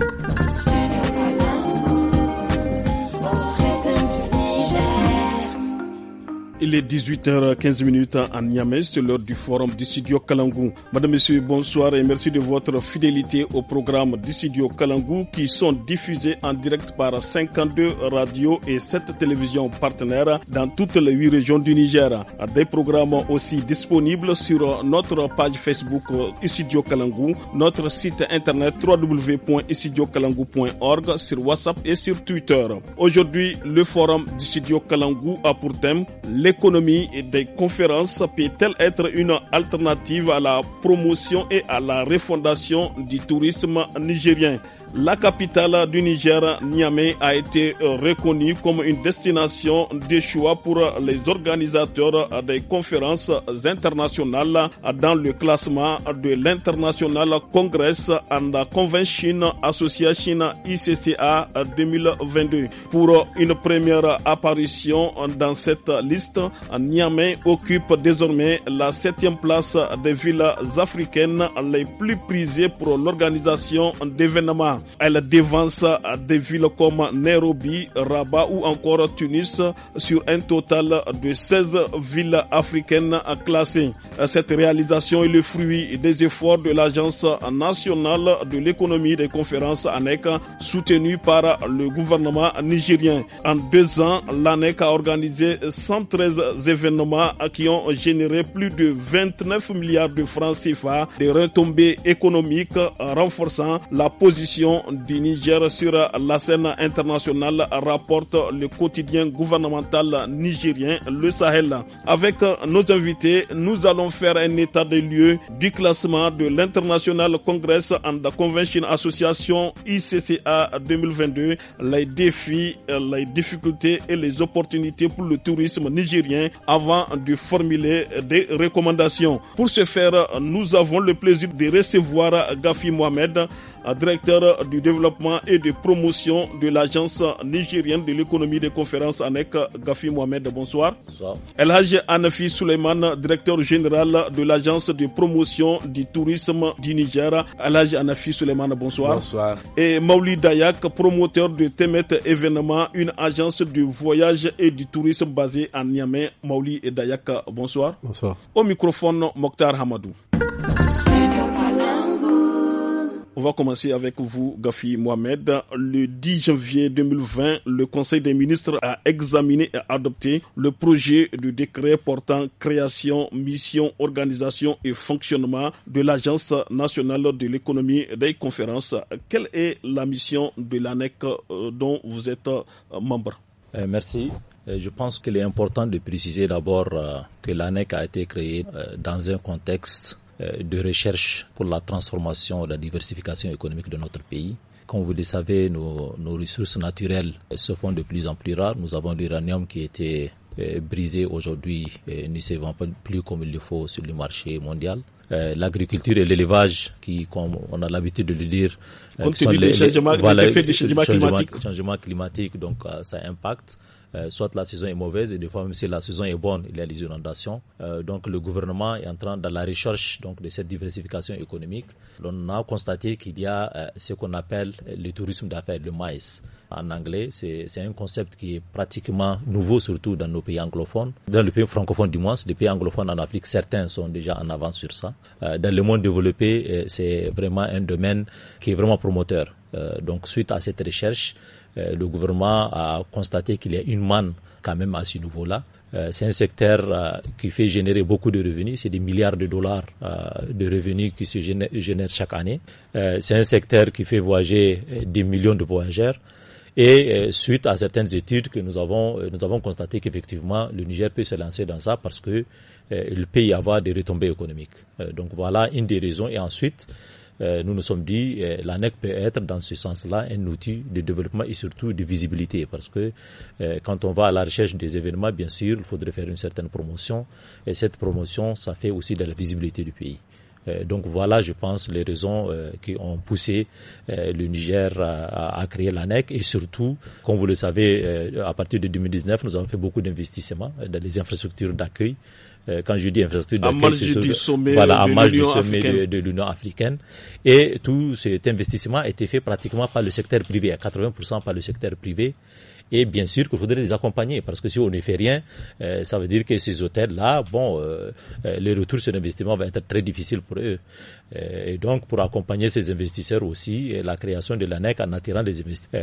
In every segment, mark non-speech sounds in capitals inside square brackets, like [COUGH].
Thank [LAUGHS] you. Il est 18h15 en Niamey, c'est l'heure du forum Dissidio Kalangou. Madame, Monsieur, bonsoir et merci de votre fidélité au programme Dissidio Kalangou qui sont diffusés en direct par 52 radios et 7 télévisions partenaires dans toutes les 8 régions du Niger. Des programmes aussi disponibles sur notre page Facebook Dissidio Kalangou, notre site internet www.dissidiokalangou.org, sur WhatsApp et sur Twitter. Aujourd'hui, le forum Dissidio Kalangou a pour thème les l'économie des conférences peut-elle être une alternative à la promotion et à la refondation du tourisme nigérien la capitale du Niger, Niamey, a été reconnue comme une destination de choix pour les organisateurs des conférences internationales dans le classement de l'International Congress and Convention Association ICCA 2022. Pour une première apparition dans cette liste, Niamey occupe désormais la septième place des villes africaines les plus prisées pour l'organisation d'événements. Elle dévance des villes comme Nairobi, Rabat ou encore Tunis sur un total de 16 villes africaines à classées. Cette réalisation est le fruit des efforts de l'Agence nationale de l'économie des conférences ANEC soutenue par le gouvernement nigérien. En deux ans, l'ANEC a organisé 113 événements qui ont généré plus de 29 milliards de francs CFA, des retombées économiques renforçant la position du Niger sur la scène internationale, rapporte le quotidien gouvernemental nigérien, le Sahel. Avec nos invités, nous allons faire un état des lieux du classement de l'International Congress and the Convention Association ICCA 2022, les défis, les difficultés et les opportunités pour le tourisme nigérien avant de formuler des recommandations. Pour ce faire, nous avons le plaisir de recevoir Gafi Mohamed, directeur du développement et de promotion de l'Agence nigérienne de l'économie des conférences ANEC, Gafi Mohamed. Bonsoir. Bonsoir. El Anafi Suleiman, directeur général de l'Agence de promotion du tourisme du Niger. El Anafi Suleiman, bonsoir. Bonsoir. Et Mauli Dayak, promoteur de Temet Événement, une agence de voyage et du tourisme basée à Niamey. Mauli et Dayak, bonsoir. Bonsoir. Au microphone, Mokhtar Hamadou. On va commencer avec vous, Gafi Mohamed. Le 10 janvier 2020, le Conseil des ministres a examiné et adopté le projet de décret portant création, mission, organisation et fonctionnement de l'Agence nationale de l'économie des conférences. Quelle est la mission de l'ANEC euh, dont vous êtes euh, membre euh, Merci. Je pense qu'il est important de préciser d'abord que l'ANEC a été créée dans un contexte euh, de recherche pour la transformation, la diversification économique de notre pays. Comme vous le savez, nos, nos ressources naturelles euh, se font de plus en plus rares. Nous avons l'uranium qui était euh, brisé aujourd'hui ne se vend plus comme il le faut sur le marché mondial. l'agriculture et l'élevage, qui, comme on a l'habitude de le dire, euh, sont les, les, changements, climatiques, donc ça impacte. Euh, soit la saison est mauvaise et des fois même si la saison est bonne, il y a des inondations. Euh, donc le gouvernement est en train dans la recherche donc de cette diversification économique. On a constaté qu'il y a euh, ce qu'on appelle le tourisme d'affaires, le maïs. E en anglais, c'est un concept qui est pratiquement nouveau, surtout dans nos pays anglophones. Dans les pays francophones du moins, les pays anglophones en Afrique, certains sont déjà en avance sur ça. Euh, dans le monde développé, euh, c'est vraiment un domaine qui est vraiment promoteur. donc suite à cette recherche, euh, le gouvernement a constaté qu'il y a une manne quand même à ce niveau-là. Euh, c'est un secteur euh, qui fait générer beaucoup de revenus, c'est des milliards de dollars de revenus qui se génèrent chaque année. C'est un secteur qui fait voyager des millions de voyageurs. Et suite à certaines études que nous avons, nous avons constaté qu'effectivement le Niger peut se lancer dans ça parce que le peut y avoir des retombées économiques. donc voilà une des raisons. Et ensuite, euh, nous nous sommes dit euh, l'ANEC peut être dans ce sens-là un outil de développement et surtout de visibilité parce que euh, quand on va à la recherche des événements, bien sûr, il faudrait faire une certaine promotion et cette promotion, ça fait aussi de la visibilité du pays. Euh, donc voilà, je pense, les raisons qui ont poussé euh, le Niger à, à créer l'ANEC. Et surtout, comme vous le savez, à partir de 2019, nous avons fait beaucoup d'investissements dans les infrastructures d'accueil, euh, quand je dis infrastructure, à marge du sommet, voilà, de, de, l'Union africaine. Et tout cet investissement a été fait pratiquement par le secteur privé, à 80% par le secteur privé. Et bien sûr qu'il faudrait les accompagner, parce que si on ne fait rien, euh, ça veut dire que ces hôtels-là, bon, euh, euh le retour sur investissement va être très difficile pour eux. et donc, pour accompagner ces investisseurs aussi, la création de l'ANEC en attirant les,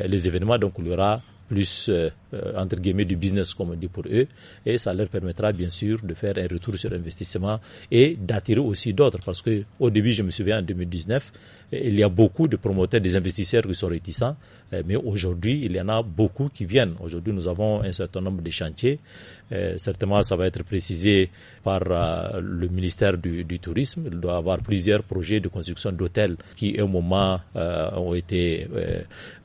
les événements, donc, il y aura plus, euh, entre guillemets, du business, comme on dit pour eux. Et ça leur permettra, bien sûr, de faire un retour sur investissement et d'attirer aussi d'autres. Parce que au début, je me souviens, en 2019, il y a beaucoup de promoteurs, des investisseurs qui sont réticents. Euh, mais aujourd'hui, il y en a beaucoup qui viennent. Aujourd'hui, nous avons un certain nombre de chantiers. Euh, certainement, ça va être précisé par euh, le ministère du, Tourisme. Il doit y avoir plusieurs projets de construction d'hôtels qui, à un moment, ont été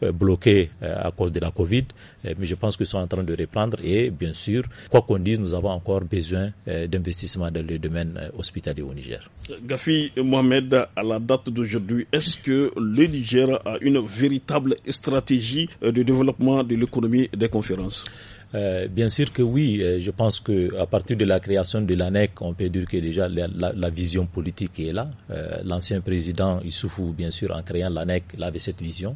bloqués à cause de la Covid. mais je pense qu'ils sont en train de reprendre. Et bien sûr, quoi qu'on dise, nous avons encore besoin d'investissements dans le domaine hospitalier au Niger. Gafi Mohamed, à la date d'aujourd'hui, est-ce que le Niger a une véritable stratégie stratégie euh, de développement de l'économie des conférences euh, bien sûr que oui, euh, je pense que à partir de la création de l'ANEC, on peut dire que déjà la, vision politique est là. L'ancien président Issoufou, bien sûr, en créant l'ANEC, avait cette vision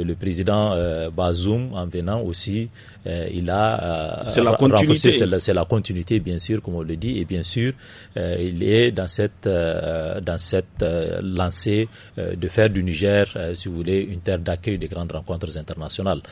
le président euh, Bazoum, en venant aussi, euh, il a euh, c'est la continuité. C'est la, continuité, bien sûr, comme on le dit, et bien sûr, il est dans cette dans cette lancée de faire du Niger, si vous voulez, une terre d'accueil des grandes rencontres internationales.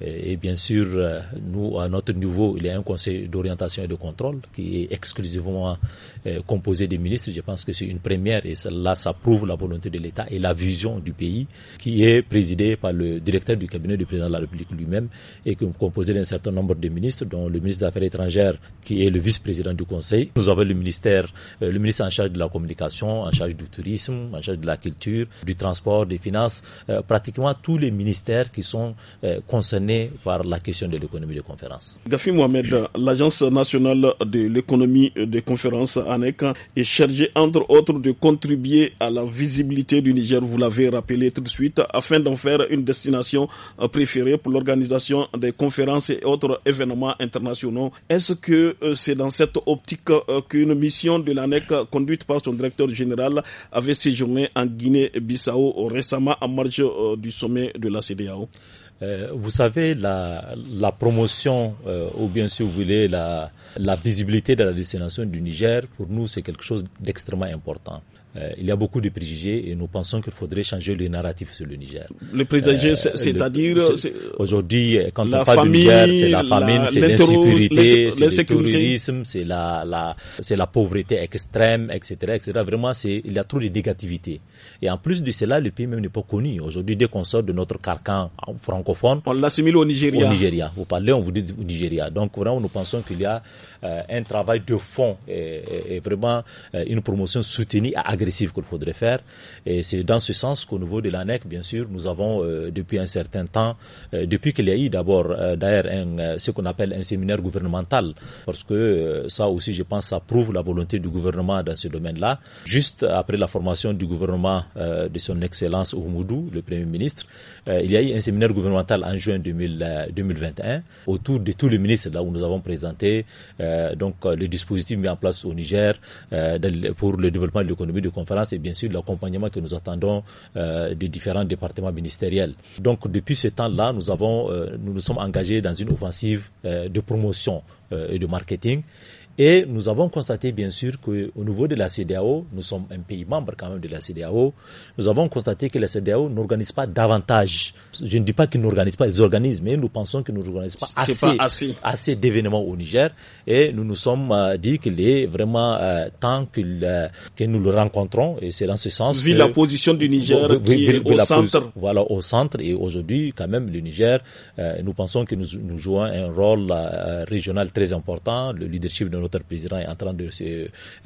Et bien sûr, euh, nous, à notre niveau, il y a un conseil d'orientation et de contrôle qui est exclusivement euh, composé des ministres. Je pense que c'est une première et cela, ça prouve la volonté de l'État et la vision du pays qui est présidée par le directeur du cabinet du président de la République lui-même et qui est composé d'un certain nombre de ministres, dont le ministre des Affaires étrangères qui est le vice-président du conseil. Nous avons le ministère, euh, le ministre en charge de la communication, en charge du tourisme, en charge de la culture, du transport, des finances, pratiquement tous les ministères qui sont concernés par la question de l'économie de conférence. Gafi Mohamed, l'Agence nationale de l'économie des conférences ANEC est chargée entre autres de contribuer à la visibilité du Niger, vous l'avez rappelé tout de suite, afin d'en faire une destination préférée pour l'organisation des conférences et autres événements internationaux. Est-ce que euh, c'est dans cette optique euh, qu'une mission de l'ANEC conduite par son directeur général avait séjourné en Guinée-Bissau récemment en marge euh, du sommet de la CDAO euh, vous savez, la, la promotion, euh, ou bien si vous voulez, la, la visibilité de la destination du Niger, pour nous, c'est quelque chose d'extrêmement important. Euh, il y a beaucoup de préjugés et nous pensons qu'il faudrait changer le narratif sur le Niger. Le préjugé, euh, c'est-à-dire aujourd'hui, quand on parle du Niger, c'est la famine, c'est l'insécurité, c'est le terrorisme, c'est la, la c'est la pauvreté extrême, etc., etc. Vraiment, c'est il y a trop de négativité. Et en plus de cela, le pays même n'est pas connu. Aujourd'hui, dès qu'on sort de notre carcan francophone, on l'assimile au Nigeria. Au Nigeria. Vous parlez, on vous dit au Nigeria. Donc vraiment, nous pensons qu'il y a euh, un travail de fond et, vraiment euh, une promotion soutenue et agressive qu'il faudrait faire. Et c'est dans ce sens qu'au niveau de l'ANEC, bien sûr, nous avons euh, depuis un certain temps, depuis qu'il y a eu d'abord d'ailleurs ce qu'on appelle un séminaire gouvernemental, parce que ça aussi, je pense, ça prouve la volonté du gouvernement dans ce domaine-là. Juste après la formation du gouvernement de son Excellence Oumoudou, le Premier ministre, il y a eu un séminaire gouvernemental en juin 2021 autour de tous les ministres, là où nous avons présenté euh, donc euh, le dispositif mis en place au Niger euh, pour le développement de l'économie de conférence et bien sûr l'accompagnement que nous attendons des différents départements ministériels. Donc depuis ce temps-là, nous avons, nous nous sommes engagés dans une offensive de promotion et de marketing. Et nous avons constaté, bien sûr, qu'au niveau de la CDAO, nous sommes un pays membre quand même de la CDAO, nous avons constaté que la CDAO n'organise pas davantage. Je ne dis pas qu'ils n'organisent pas, ils organisent, mais nous pensons qu'ils n'organisent pas assez, assez, assez d'événements au Niger. Et nous nous sommes euh, dit qu'il est vraiment euh, temps que nous le rencontrons. Et c'est dans ce sens. Vu la position du Niger qui est au centre. Voilà, au centre. Et aujourd'hui, quand même, le Niger, euh, nous pensons que nous, jouons un rôle régional très important, le leadership de le président est en train de se,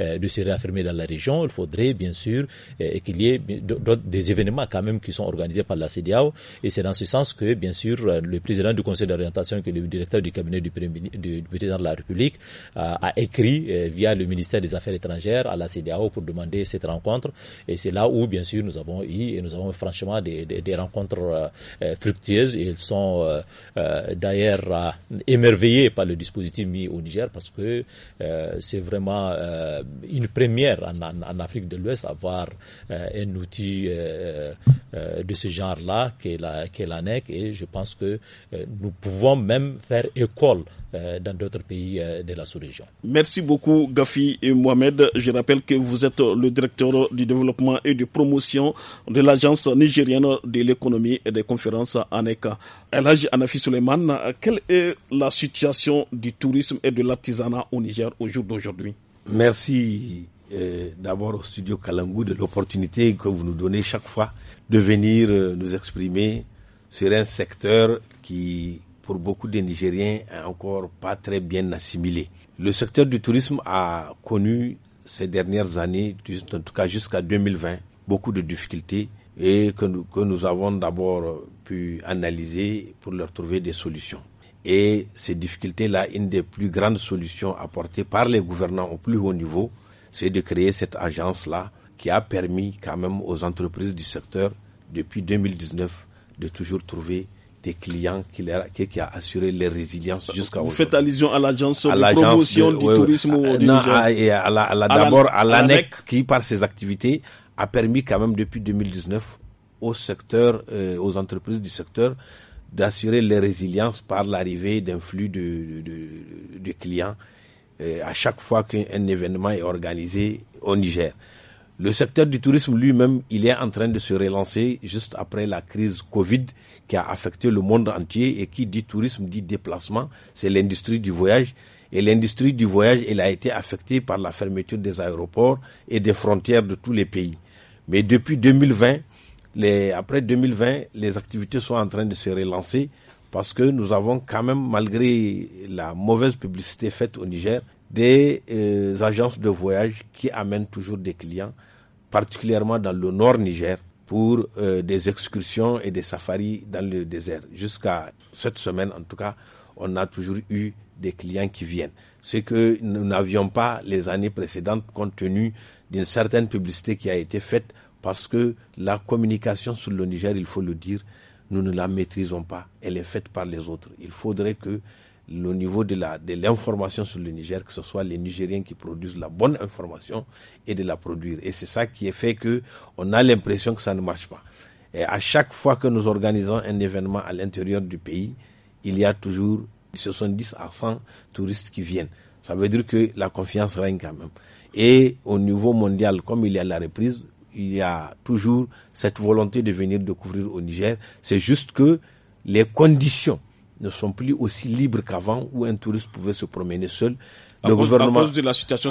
euh, de réaffirmer dans la région, il faudrait bien sûr euh, qu'il y ait des événements quand même qui sont organisés par la CDAO. Et c'est dans ce sens que, bien sûr, euh, le président du conseil d'orientation, que le directeur du cabinet du, président de la République, a écrit via le ministère des Affaires étrangères à la CDAO pour demander cette rencontre. Et c'est là où, bien sûr, nous avons eu et nous avons franchement des, des, rencontres fructueuses. Et ils sont d'ailleurs émerveillés par le dispositif mis au Niger parce que euh, c'est vraiment euh, une première en, Afrique de l'Ouest avoir euh, un outil de ce genre-là qui est l'ANEC et je pense que nous pouvons même faire école dans d'autres pays de la sous-région. Merci beaucoup Gafi et Mohamed. Je rappelle que vous êtes le directeur du développement et de promotion de l'agence nigérienne de l'économie et des conférences ANEC. Elhaj Anafi Suleiman, quelle est la situation du tourisme et de l'artisanat au Niger au jour d'aujourd'hui. Merci euh, d'abord au studio Kalangou de l'opportunité que vous nous donnez chaque fois de venir euh, nous exprimer sur un secteur qui, pour beaucoup de Nigériens, est encore pas très bien assimilé. Le secteur du tourisme a connu ces dernières années, en tout cas jusqu'à 2020, beaucoup de difficultés et que nous avons d'abord pu analyser pour leur trouver des solutions. Et ces difficultés-là, une des plus grandes solutions apportées par les gouvernants au plus haut niveau, c'est de créer cette agence-là qui a permis quand même aux entreprises du secteur, depuis 2019, de toujours trouver des clients qui, qui, a assuré leur résilience jusqu'à aujourd'hui. Vous faites allusion à l'agence de promotion du tourisme non, D'abord à l'ANEC e qui, par ses activités, a permis quand même depuis 2019 au secteur, euh, aux entreprises du secteur d'assurer les résilience par l'arrivée d'un flux de, de, de clients euh, à chaque fois qu'un événement est organisé au Niger. Le secteur du tourisme lui-même, il est en train de se relancer juste après la crise Covid qui a affecté le monde entier et qui dit tourisme dit déplacement. C'est l'industrie du voyage. Et l'industrie du voyage, elle a été affectée par la fermeture des aéroports et des frontières de tous les pays. Mais depuis 2020, après 2020, les activités sont en train de se relancer parce que nous avons quand même, malgré la mauvaise publicité faite au Niger, des euh, agences de voyage qui amènent toujours des clients, particulièrement dans le nord Niger, pour euh, des excursions et des safaris dans le désert. Jusqu'à cette semaine, en tout cas, on a toujours eu des clients qui viennent. Ce que nous n'avions pas les années précédentes compte tenu d'une certaine publicité qui a été faite parce que la communication sur le Niger, il faut le dire, nous ne la maîtrisons pas. Elle est faite par les autres. Il faudrait que le niveau de l'information sur le Niger, que ce soit les Nigériens qui produisent la bonne information et de la produire. Et c'est ça qui est fait que on a l'impression que ça ne marche pas. Et à chaque fois que nous organisons un événement à l'intérieur du pays, il y a toujours 70 à 100 touristes qui viennent. Ça veut dire que la confiance règne quand même. Et au niveau mondial, comme il y a la reprise, il y a toujours cette volonté de venir découvrir au Niger. C'est juste que les conditions ne sont plus aussi libres qu'avant où un touriste pouvait se promener seul. Le gouvernement, à cause de la situation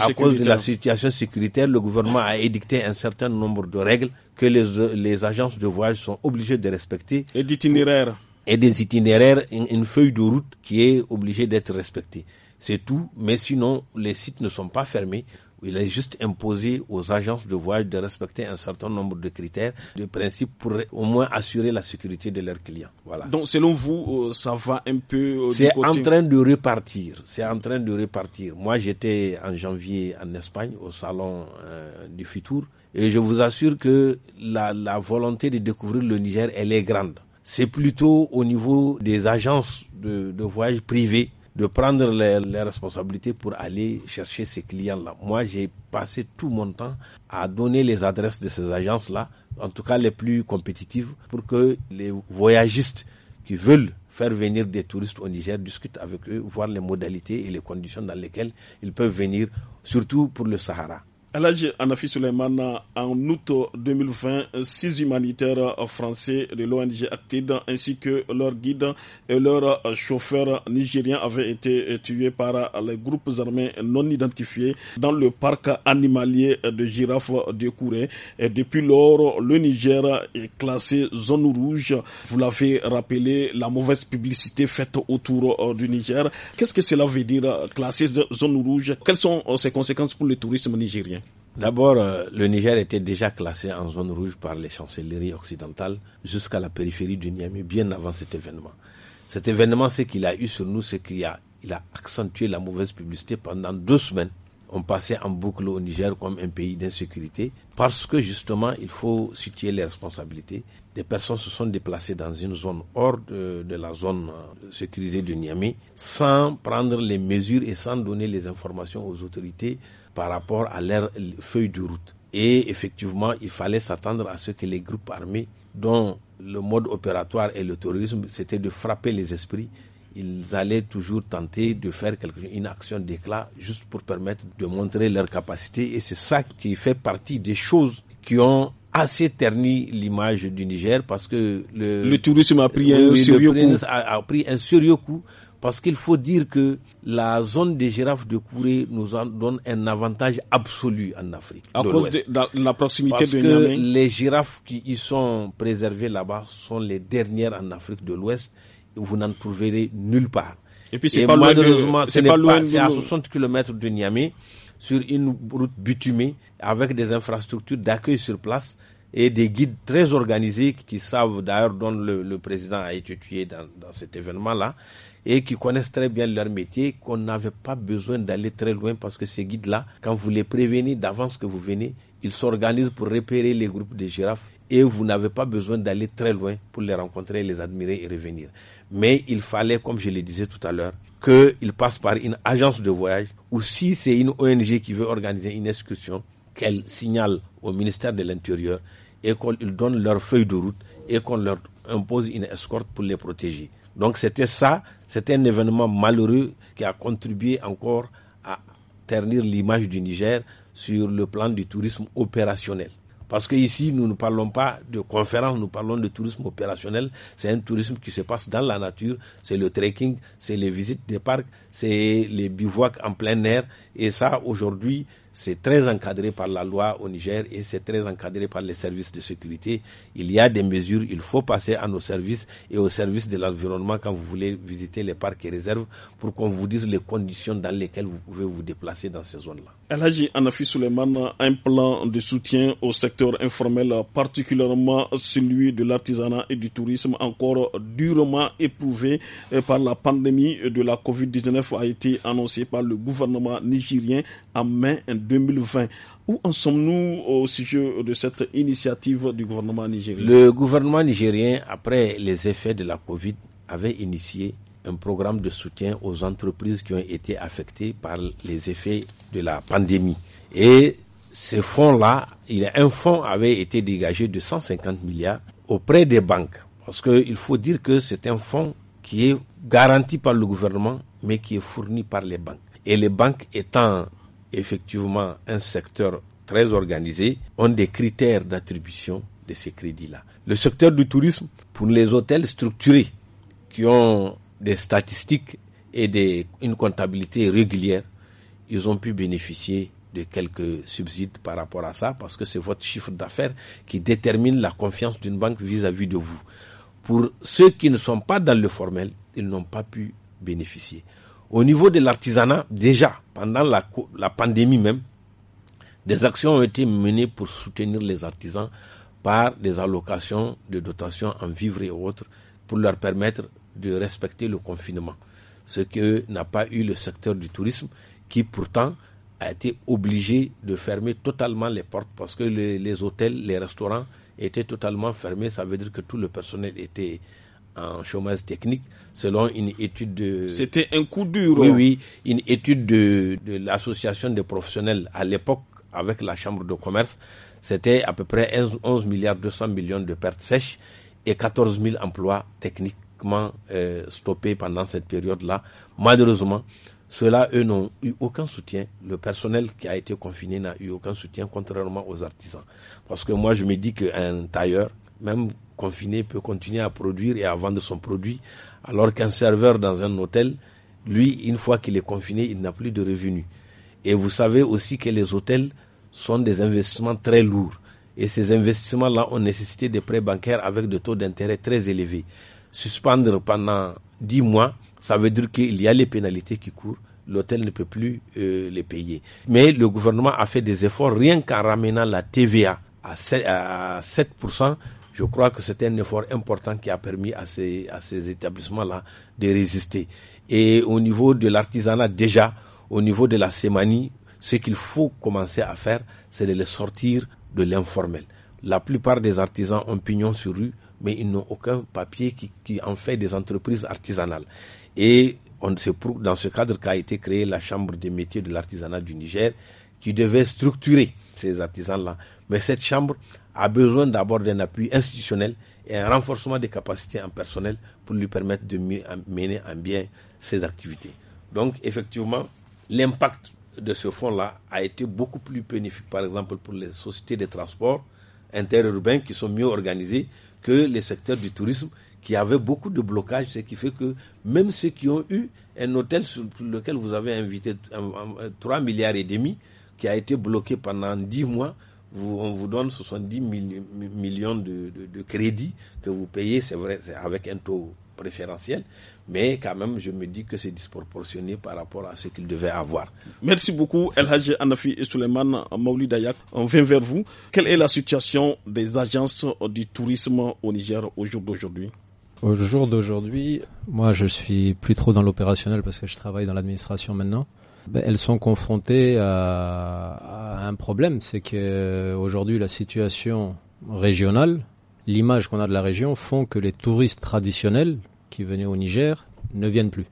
sécuritaire. le gouvernement a édicté un certain nombre de règles que les, agences de voyage sont obligées de respecter. Et d'itinéraires. Et des itinéraires, une feuille de route qui est obligée d'être respectée. C'est tout, mais sinon, les sites ne sont pas fermés. Il est juste imposé aux agences de voyage de respecter un certain nombre de critères, de principes pour au moins assurer la sécurité de leurs clients. Voilà. Donc selon vous, euh, ça va un peu. Euh, C'est en train de repartir. C'est en train de repartir. Moi, j'étais en janvier en Espagne au salon euh, du Futur et je vous assure que la, la volonté de découvrir le Niger, elle est grande. C'est plutôt au niveau des agences de, de voyage privées de prendre les, responsabilités pour aller chercher ces clients-là. Moi, j'ai passé tout mon temps à donner les adresses de ces agences-là, en tout cas les plus compétitives, pour que les voyagistes qui veulent faire venir des touristes au Niger, discutent avec eux, voir les modalités et les conditions dans lesquelles ils peuvent venir, surtout pour le Sahara l'âge, Anafi en août 2020, six humanitaires français de l'ONG Acted ainsi que leur guide et leur chauffeur nigérien avaient été tués par les groupes armés non identifiés dans le parc animalier de girafes de Kouré. Et depuis lors, le Niger est classé zone rouge. Vous l'avez rappelé, la mauvaise publicité faite autour du Niger. Qu'est-ce que cela veut dire, classé zone rouge Quelles sont ses conséquences pour le tourisme nigérien D'abord, euh, le Niger était déjà classé en zone rouge par les chancelleries occidentales jusqu'à la périphérie du Niamey bien avant cet événement. Cet événement, ce qu'il a eu sur nous, c'est qu'il a, accentué la mauvaise publicité pendant deux semaines. On passait en boucle au Niger comme un pays d'insécurité parce que justement, il faut situer les responsabilités. Des personnes se sont déplacées dans une zone hors de, de la zone euh, sécurisée de Niamey sans prendre les mesures et sans donner les informations aux autorités par rapport à leur feuille de route. Et effectivement, il fallait s'attendre à ce que les groupes armés, dont le mode opératoire et le terrorisme, c'était de frapper les esprits, ils allaient toujours tenter de faire quelque, une action d'éclat juste pour permettre de montrer leur capacité. Et c'est ça qui fait partie des choses qui ont assez terni l'image du Niger parce que le, tourisme a pris, un, a pris un sérieux coup parce qu'il faut dire que la zone des girafes de Kouré nous en donne un avantage absolu en Afrique. À cause de la, proximité Parce que les girafes qui y sont préservées là-bas sont les dernières en Afrique de l'Ouest. Vous n'en trouverez nulle part. Et puis c'est pas malheureusement, c'est pas loin. C'est à 60 km de Niamey, sur une route bitumée, avec des infrastructures d'accueil sur place et des guides très organisés qui savent d'ailleurs dont le, président a été tué dans, dans cet événement-là et qui connaissent très bien leur métier, qu'on n'avait pas besoin d'aller très loin parce que ces guides-là, quand vous les prévenez d'avance que vous venez, ils s'organisent pour repérer les groupes de girafes et vous n'avez pas besoin d'aller très loin pour les rencontrer, les admirer et revenir. Mais il fallait, comme je le disais tout à l'heure, qu'ils passent par une agence de voyage ou si c'est une ONG qui veut organiser une excursion, qu'elle signale au ministère de l'Intérieur et qu'on donnent leur feuille de route et qu'on leur impose une escorte pour les protéger. Donc c'était ça, c'était un événement malheureux qui a contribué encore à ternir l'image du Niger sur le plan du tourisme opérationnel. Parce que ici, nous ne parlons pas de conférences, nous parlons de tourisme opérationnel. C'est un tourisme qui se passe dans la nature. C'est le trekking, c'est les visites des parcs, c'est les bivouacs en plein air. Et ça, aujourd'hui, c'est très encadré par la loi au Niger et c'est très encadré par les services de sécurité. Il y a des mesures, il faut passer à nos services et aux services de l'environnement quand vous voulez visiter les parcs et réserves pour qu'on vous dise les conditions dans lesquelles vous pouvez vous déplacer dans ces zones-là. Elhaji Anafi Suleiman, un plan de soutien au secteur informel, particulièrement celui de l'artisanat et du tourisme, encore durement éprouvé euh, par la pandémie de la COVID-19, a été annoncé par le gouvernement nigérien en mai 2020. Où en sommes-nous au sujet de cette initiative du gouvernement nigérien Le gouvernement nigérien, après les effets de la Covid, avait initié un programme de soutien aux entreprises qui ont été affectées par les effets de la pandémie. Et ce fonds-là, un fonds avait été dégagé de 150 milliards auprès des banques. Parce qu'il faut dire que c'est un fonds qui est garanti par le gouvernement, mais qui est fourni par les banques. Et les banques étant effectivement un secteur très organisé, ont des critères d'attribution de ces crédits-là. Le secteur du tourisme, pour les hôtels structurés, qui ont des statistiques et des, une comptabilité régulière, ils ont pu bénéficier de quelques subsides par rapport à ça, parce que c'est votre chiffre d'affaires qui détermine la confiance d'une banque vis à -vis de vous. Pour ceux qui ne sont pas dans le formel, ils n'ont pas pu bénéficier. Au niveau de l'artisanat, déjà, pendant la, pandémie même, des actions ont été menées pour soutenir les artisans par des allocations de dotations en vivres et autres pour leur permettre de respecter le confinement. Ce que n'a pas eu le secteur du tourisme qui pourtant a été obligé de fermer totalement les portes parce que les, les hôtels, les restaurants étaient totalement fermés. Ça veut dire que tout le personnel était en chômage technique selon une étude de... C'était un coup dur. Oui, hein. oui, une étude de, l'association des professionnels à l'époque avec la chambre de commerce. C'était à peu près 11 milliards 200 millions de pertes sèches et 14 000 emplois techniquement euh, stoppés pendant cette période-là. Malheureusement, ceux-là, eux, n'ont eu aucun soutien. Le personnel qui a été confiné n'a eu aucun soutien, contrairement aux artisans. Parce que moi, je me dis qu'un tailleur, même confiné peut continuer à produire et à vendre son produit, alors qu'un serveur dans un hôtel, lui, une fois qu'il est confiné, il n'a plus de revenus. Et vous savez aussi que les hôtels sont des investissements très lourds. Et ces investissements-là ont nécessité des prêts bancaires avec des taux d'intérêt très élevés. Suspendre pendant 10 mois, ça veut dire qu'il y a les pénalités qui courent l'hôtel ne peut plus euh, les payer. Mais le gouvernement a fait des efforts rien qu'en ramenant la TVA à 7% je crois que c'est un effort important qui a permis à ces, établissements-là de résister. Et au niveau de l'artisanat, déjà, au niveau de la sémanie, ce qu'il faut commencer à faire, c'est de les sortir de l'informel. La plupart des artisans ont pignon sur rue, mais ils n'ont aucun papier qui, qui, en fait des entreprises artisanales. Et on se dans ce cadre qu'a été créée la Chambre des métiers de l'artisanat du Niger, qui devait structurer ces artisans-là mais cette chambre a besoin d'abord d'un appui institutionnel et un renforcement des capacités en personnel pour lui permettre de mieux mener en bien ses activités. Donc, effectivement, l'impact de ce fonds-là a été beaucoup plus bénéfique, par exemple, pour les sociétés de transport interurbains qui sont mieux organisées que les secteurs du tourisme qui avaient beaucoup de blocages, ce qui fait que même ceux qui ont eu un hôtel sur lequel vous avez invité 3 milliards et demi, qui a été bloqué pendant 10 mois, on vous donne 70 millions de, crédits que vous payez, c'est vrai, avec un taux préférentiel, mais quand même, je me dis que c'est disproportionné par rapport à ce qu'il devait avoir. Merci beaucoup, El Hadj Anafi et Suleiman Maouli Dayak. On vient vers vous. Quelle est la situation des agences du tourisme au Niger au jour d'aujourd'hui Au jour d'aujourd'hui, moi, je suis plus trop dans l'opérationnel parce que je travaille dans l'administration maintenant. Ben, elles sont confrontées à, un problème, c'est que euh, la situation régionale, l'image qu'on a de la région font que les touristes traditionnels qui venaient au Niger ne viennent plus.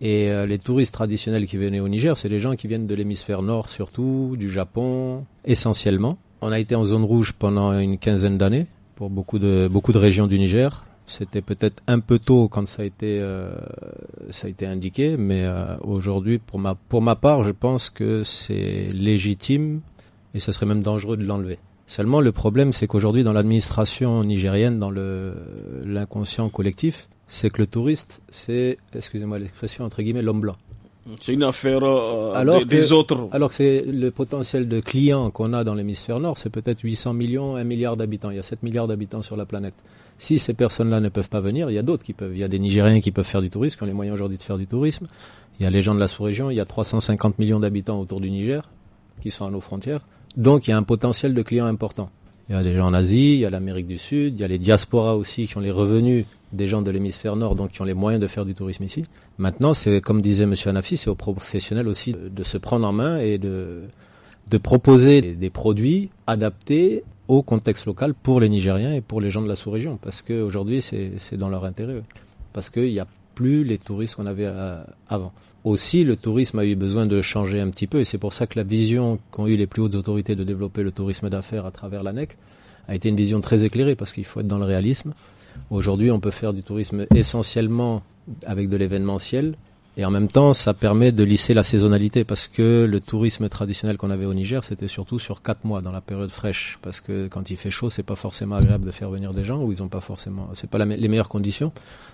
Et euh, les touristes traditionnels qui venaient au Niger, c'est les gens qui viennent de l'hémisphère nord surtout, du Japon essentiellement. On a été en zone rouge pendant une quinzaine d'années pour beaucoup de régions du Niger. C'était peut-être un peu tôt quand ça a été euh, indiqué, mais euh, aujourd'hui, pour ma part, je pense que c'est légitime et ça serait même dangereux de l'enlever. Seulement, le problème, c'est qu'aujourd'hui, dans l'administration nigérienne, dans l'inconscient collectif, c'est que le touriste, c'est excusez-moi l'expression entre guillemets l'homme blanc. C'est une affaire euh, alors des, autres. Alors que c'est le potentiel de clients qu'on a dans l'hémisphère nord, c'est peut-être 800 millions, 1 milliard d'habitants. Il y a 7 milliards d'habitants sur la planète. Si ces personnes-là ne peuvent pas venir, il y a d'autres qui peuvent. Il y a des Nigériens qui peuvent faire du tourisme, qui ont les moyens aujourd'hui de faire du tourisme. Il y a les gens de la sous-région, il y a 350 millions d'habitants autour du Niger qui sont à nos frontières. Donc il y a un potentiel de clients important. Il y a des gens en Asie, il y a l'Amérique du Sud, il y a les diasporas aussi qui ont les revenus des gens de l'hémisphère nord, donc qui ont les moyens de faire du tourisme ici. Maintenant, c'est comme disait M. Anafi, c'est aux professionnels aussi de, se prendre en main et de, de proposer des produits adaptés au contexte local pour les Nigériens et pour les gens de la sous-région, parce qu'aujourd'hui c'est dans leur intérêt, parce qu'il n'y a plus les touristes qu'on avait euh, avant. Aussi, le tourisme a eu besoin de changer un petit peu, et c'est pour ça que la vision qu'ont eu les plus hautes autorités de développer le tourisme d'affaires à travers l'ANEC a été une vision très éclairée, parce qu'il faut être dans le réalisme. Aujourd'hui, on peut faire du tourisme essentiellement avec de l'événementiel, et en même temps, ça permet de lisser la saisonnalité parce que le tourisme traditionnel qu'on avait au Niger, c'était surtout sur quatre mois dans la période fraîche parce que quand il fait chaud, c'est pas forcément agréable de faire venir des gens où ils ont pas forcément, c'est pas les meilleures conditions.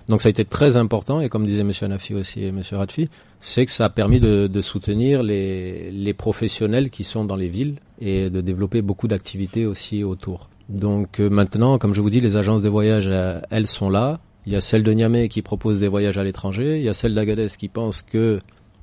Donc ça a été très important et comme disait Monsieur Nafi aussi et Monsieur Radfi, c'est que ça a permis de, soutenir les, professionnels qui sont dans les villes et de développer beaucoup d'activités aussi autour. Donc euh, maintenant, comme je vous dis, les agences de voyage, euh, elles sont là. Il y a celle de Niamey qui propose des voyages à l'étranger. Il y a celle d'Agadez qui pense que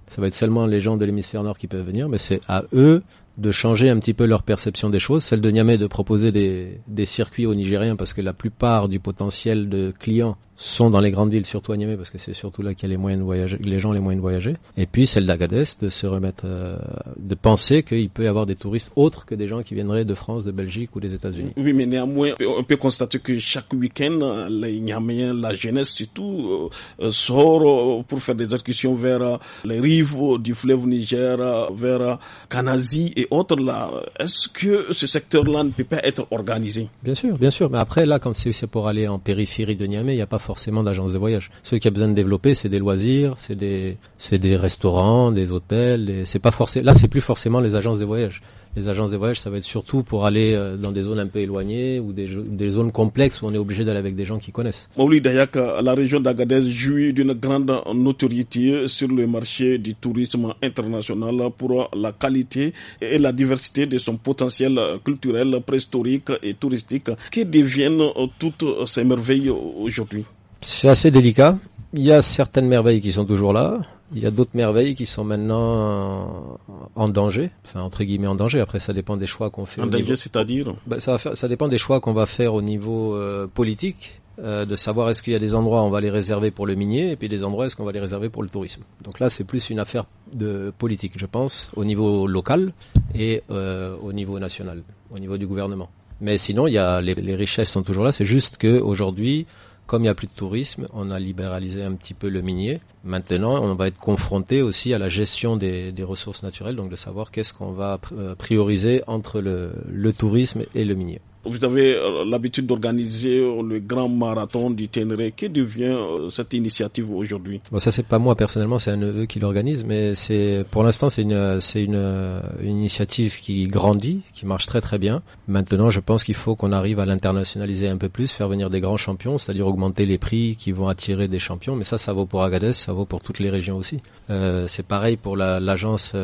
ça va être seulement les gens de l'hémisphère nord qui peuvent venir, mais c'est à eux de changer un petit peu leur perception des choses, celle de Niamey de proposer des, des circuits aux Nigériens parce que la plupart du potentiel de clients sont dans les grandes villes, surtout à Niamey parce que c'est surtout là qu'il y a les moyens de voyager, les gens les moyens de voyager. Et puis celle d'Agadez de se remettre, euh, de penser qu'il peut y avoir des touristes autres que des gens qui viendraient de France, de Belgique ou des États-Unis. Oui, mais néanmoins, on peut constater que chaque week-end, les Niameyens, la jeunesse surtout, euh, sort euh, pour faire des excursions vers euh, les rives du fleuve Niger, vers Kanazi et est-ce que ce secteur-là ne peut pas être organisé Bien sûr, bien sûr. Mais après, là, quand c'est pour aller en périphérie de Niamey, il n'y a pas forcément d'agence de voyage. Ce qui a besoin de développer, c'est des loisirs, c'est des, c'est des restaurants, des hôtels. c'est pas forcément. Là, c'est plus forcément les agences de voyage. Les agences de voyage, ça va être surtout pour aller euh, dans des zones un peu éloignées ou des, zones complexes où on est obligé d'aller avec des gens qui connaissent. Mauli Dayak, la région d'Agadez jouit d'une grande notoriété sur le marché du tourisme international pour la qualité et la diversité de son potentiel culturel, préhistorique et touristique. qui deviennent toutes ces merveilles aujourd'hui C'est assez délicat. Il y a certaines merveilles qui sont toujours là, il y a d'autres merveilles qui sont maintenant en danger, enfin entre guillemets en danger. Après, ça dépend des choix qu'on fait. En danger, c'est-à-dire ben, ça, ça, dépend des choix qu'on va faire au niveau euh, politique, euh, de savoir est-ce qu'il y a des endroits on va les réserver pour le minier et puis des endroits est-ce qu'on va les réserver pour le tourisme. Donc là, c'est plus une affaire de politique, je pense, au niveau local et euh, au niveau national, au niveau du gouvernement. Mais sinon, il y a les, les richesses sont toujours là. C'est juste que aujourd'hui comme il n'y a plus de tourisme, on a libéralisé un petit peu le minier. Maintenant, on va être confronté aussi à la gestion des, des ressources naturelles, donc de savoir qu'est-ce qu'on va euh, prioriser entre le, le tourisme et le minier. Vous avez euh, l'habitude d'organiser euh, le grand marathon du Ténéré. Que devient euh, cette initiative aujourd'hui Bon, ça c'est pas moi personnellement, c'est un neveu qui l'organise, mais c'est pour l'instant c'est une c'est une, initiative qui grandit, qui marche très très bien. Maintenant, je pense qu'il faut qu'on arrive à l'internationaliser un peu plus, faire venir des grands champions, c'est-à-dire augmenter les prix qui vont attirer des champions. Mais ça, ça vaut pour Agadez, ça vaut pour toutes les régions aussi. Euh, c'est pareil pour l'agence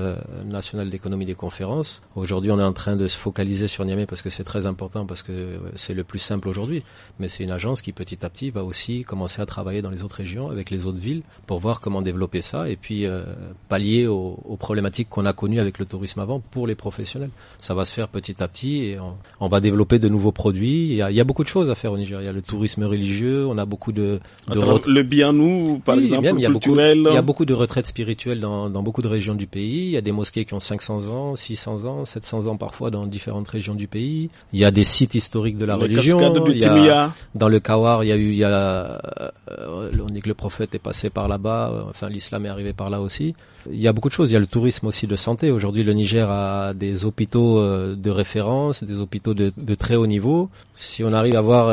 nationale d'économie des conférences. Aujourd'hui, on est en train de se focaliser sur Niamey parce que c'est très important parce que c'est le plus simple aujourd'hui. Mais c'est une agence qui petit à petit va aussi commencer à travailler dans les autres régions, avec les autres villes, pour voir comment développer ça et puis euh, pallier aux, problématiques qu'on a connues avec le tourisme avant pour les professionnels. Ça va se faire petit à petit et on, va développer de nouveaux produits. Il y, a, il y, a, beaucoup de choses à faire au Nigeria. Il y a le tourisme religieux, on a beaucoup de... de Le bien nous, par exemple, il, y a beaucoup, il y a beaucoup de retraites spirituelles dans, dans beaucoup de régions du pays. Il y a des mosquées qui ont 500 ans, 600 ans, 700 ans parfois dans différentes régions du pays. Il y a des site historique de la religion. dans le Kawar, il y a eu, il euh, on dit que le prophète est passé par là-bas. Euh, enfin, l'islam est arrivé par là aussi. Il y a beaucoup de choses. Il y a le tourisme aussi de santé. Aujourd'hui, le Niger a des hôpitaux euh, de référence, des hôpitaux de, très haut niveau. Si on arrive à voir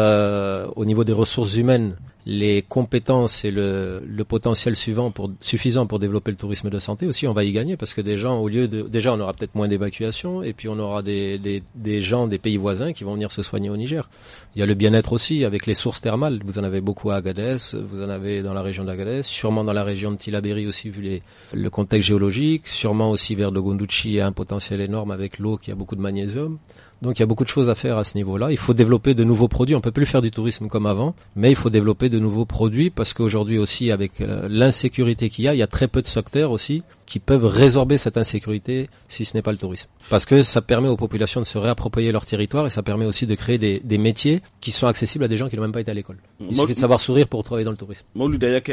au niveau des ressources humaines les compétences et le, potentiel suivant pour, suffisant pour développer le tourisme de santé aussi, on va y gagner parce que des gens, au lieu de, déjà, on aura peut-être moins d'évacuations et puis on aura des, gens des pays voisins qui vont venir se soigner au Niger. Il y a le bien-être aussi avec les sources thermales. Vous en avez beaucoup à Agadez, vous en avez dans la région d'Agadez, sûrement dans la région de Tilaberi aussi vu le contexte géologique, sûrement aussi vers Dogondouchi, il y a un potentiel énorme avec l'eau qui a beaucoup de magnésium. Donc il y a beaucoup de choses à faire à ce niveau-là. Il faut développer de nouveaux produits. On peut plus faire du tourisme comme avant, mais il faut développer de nouveaux produits parce qu'aujourd'hui aussi, avec euh, l'insécurité qu'il y a, il y a très peu de secteurs aussi qui peuvent résorber cette insécurité si ce n'est pas le tourisme. Parce que ça permet aux populations de se réapproprier leur territoire et ça permet aussi de créer des, métiers qui sont accessibles à des gens qui n'ont même pas été à l'école. Il suffit de savoir sourire pour travailler dans le tourisme.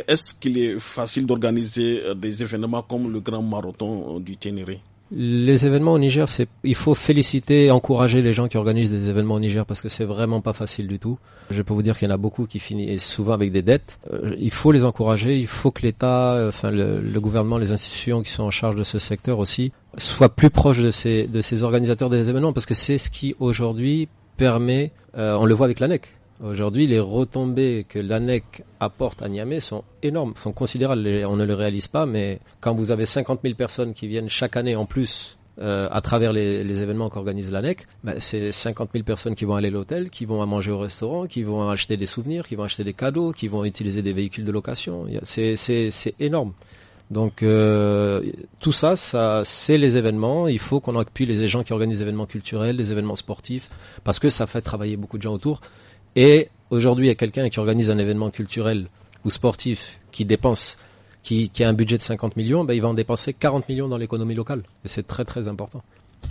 est-ce qu'il est facile d'organiser euh, des événements comme le grand marathon euh, du Ténéré les événements au Niger, c'est il faut féliciter, et encourager les gens qui organisent des événements au Niger parce que c'est vraiment pas facile du tout. Je peux vous dire qu'il y en a beaucoup qui finissent souvent avec des dettes. Euh, il faut les encourager, il faut que l'État, euh, enfin le, gouvernement, les institutions qui sont en charge de ce secteur aussi soient plus proches de ces de ces organisateurs des événements parce que c'est ce qui aujourd'hui permet, euh, on le voit avec l'ANEC. Aujourd'hui, les retombées que l'ANEC apporte à Niamey sont énormes, sont considérables. On ne le réalise pas, mais quand vous avez 50 000 personnes qui viennent chaque année en plus euh, à travers les, événements qu'organise l'ANEC, bah, c'est 50 000 personnes qui vont aller à l'hôtel, qui vont manger au restaurant, qui vont acheter des souvenirs, qui vont acheter des cadeaux, qui vont utiliser des véhicules de location. C'est énorme. Donc euh, tout ça, ça c'est les événements. Il faut qu'on appuie les gens qui organisent des événements culturels, des événements sportifs, parce que ça fait travailler beaucoup de gens autour. Et aujourd'hui, il y a quelqu'un qui organise un événement culturel ou sportif qui dépense, qui, a un budget de 50 millions, ben, il va en dépenser 40 millions dans l'économie locale. Et c'est très très important.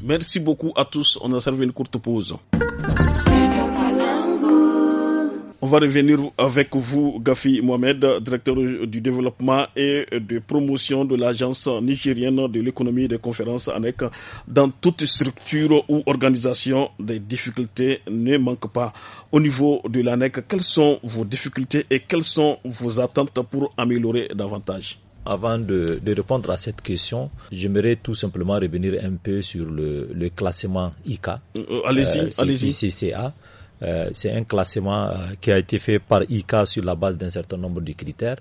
Merci beaucoup à tous. On a servi une courte pause. On va revenir avec vous, Gafi Mohamed, directeur du développement et de promotion de l'Agence nigérienne de l'économie des conférences ANEC. Dans toute structure ou organisation, des difficultés ne manquent pas. Au niveau de l'ANEC, quelles sont vos difficultés et quelles sont vos attentes pour améliorer davantage avant de, répondre à cette question, j'aimerais tout simplement revenir un peu sur le, classement ICA. Euh, allez-y, euh, allez-y. Euh, c'est un classement euh, qui a été fait par ICA sur la base d'un certain nombre de critères.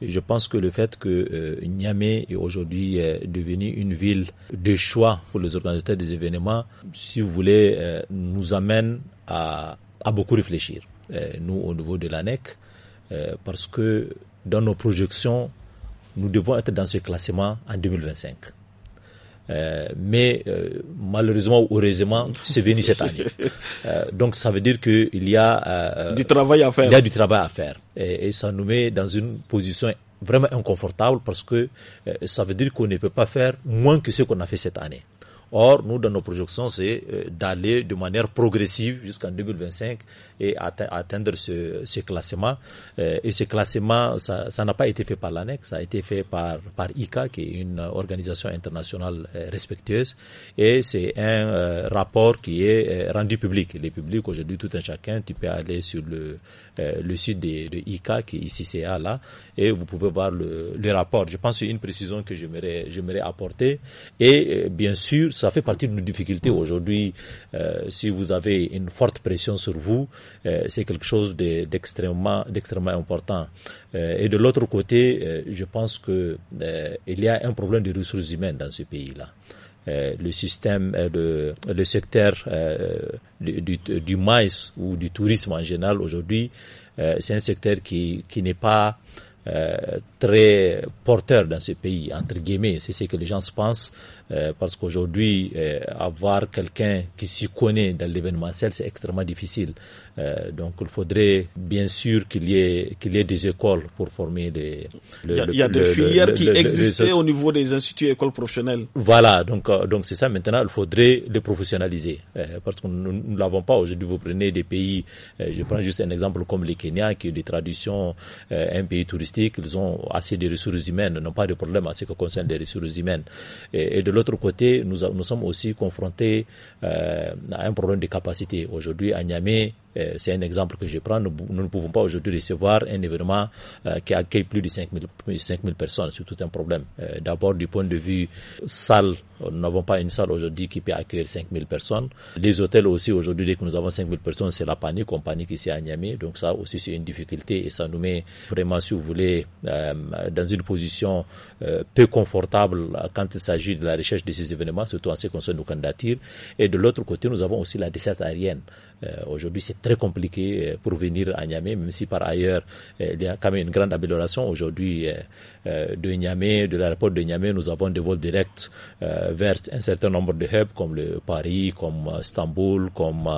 je pense que le fait que euh, Niamey est aujourd'hui devenue une ville de choix pour les organisateurs des événements, si vous voulez, nous amène à, à beaucoup réfléchir, nous au niveau de l'ANEC, parce que dans nos projections, nous devons être dans ce classement en 2025. Euh, mais euh, malheureusement ou heureusement, c'est venu cette année. [LAUGHS] Euh, donc ça veut dire qu'il y a du travail à faire. Il y a du travail à faire. et ça nous met dans une position vraiment inconfortable parce que ça veut dire qu'on ne peut pas faire moins que ce qu'on a fait cette année. Or, nous, dans nos projections, c'est euh, d'aller de manière progressive jusqu'en 2025 et atteindre ce, ce classement. Euh, et ce classement, ça, n'a pas été fait par l'annexe, ça a été fait par, par ICA, qui est une organisation internationale euh, respectueuse. Et c'est un rapport qui est rendu public. Les publics, aujourd'hui, tout un chacun. Tu peux aller sur le, le site de, de ICA, qui est ici, c'est là, et vous pouvez voir le, le rapport. Je pense que c'est une précision que j'aimerais apporter. Et bien sûr, ça fait partie de nos difficultés aujourd'hui. Euh, si vous avez une forte pression sur vous, euh, c'est quelque chose d'extrêmement d'extrêmement important. Euh, et de l'autre côté, je pense que il y a un problème de ressources humaines dans ce pays-là. le système le secteur du, maïs ou du tourisme en général aujourd'hui c'est un secteur qui, qui n'est pas très porteur dans ce pays, entre guillemets. C'est ce que les gens se pensent, euh, parce qu'aujourd'hui, euh, avoir quelqu'un qui s'y connaît dans l'événementiel, c'est extrêmement difficile. Euh, donc, il faudrait bien sûr qu'il y ait qu'il y ait des écoles pour former des. Il y a, des filières qui existaient au niveau des instituts écoles professionnelles. Voilà, donc donc c'est ça. Maintenant, il faudrait les professionnaliser, parce que nous ne l'avons pas aujourd'hui. Vous prenez des pays, je prends juste un exemple comme les Kenya, qui est de tradition, un pays touristique, ils ont assez de ressources humaines, n'ont pas de problème à ce qui concerne les ressources humaines. Et, de l'autre côté, nous, nous sommes aussi confrontés euh, à un problème de capacité. Aujourd'hui, à Niamey, euh, c'est un exemple que je prends. Nous, ne pouvons pas aujourd'hui recevoir un événement euh, qui accueille plus de 5 5000 personnes. C'est tout un problème. Euh, d'abord, du point de vue salle, nous n'avons pas une salle aujourd'hui qui peut accueillir 5000 personnes. Les hôtels aussi, aujourd'hui, dès que nous avons 5000 personnes, c'est la panique. On panique ici à Niamey. Donc ça aussi, c'est une difficulté et ça nous met vraiment, si vous voulez, dans une position peu confortable quand il s'agit de la recherche de ces événements, surtout en ce qui concerne nos candidatures. Et de l'autre côté, nous avons aussi la desserte aérienne. Euh, aujourd'hui, c'est très compliqué euh, pour venir à Niamey, même si par ailleurs, euh, il y a quand même une grande amélioration. Aujourd'hui, de Niamey, de l'aéroport de Niamey, nous avons des vols directs vers un certain nombre de hubs comme le Paris, comme Istanbul, comme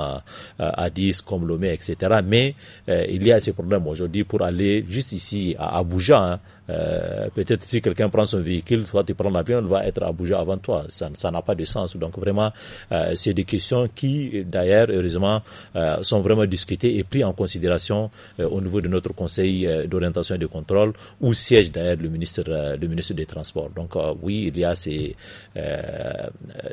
Addis, comme Lomé, etc. Mais il y a ces problèmes aujourd'hui pour aller juste ici à Abuja. Hein, euh, peut-être si quelqu'un prend son véhicule, toi tu prends l'avion, il va être à bouger avant toi. Ça n'a pas de sens. Donc vraiment, euh, c'est des questions qui, d'ailleurs, heureusement, euh, sont vraiment discutées et prises en considération au niveau de notre conseil d'orientation et de contrôle, où siège d'ailleurs le ministre, le ministre des Transports. Donc oui, il y a ces,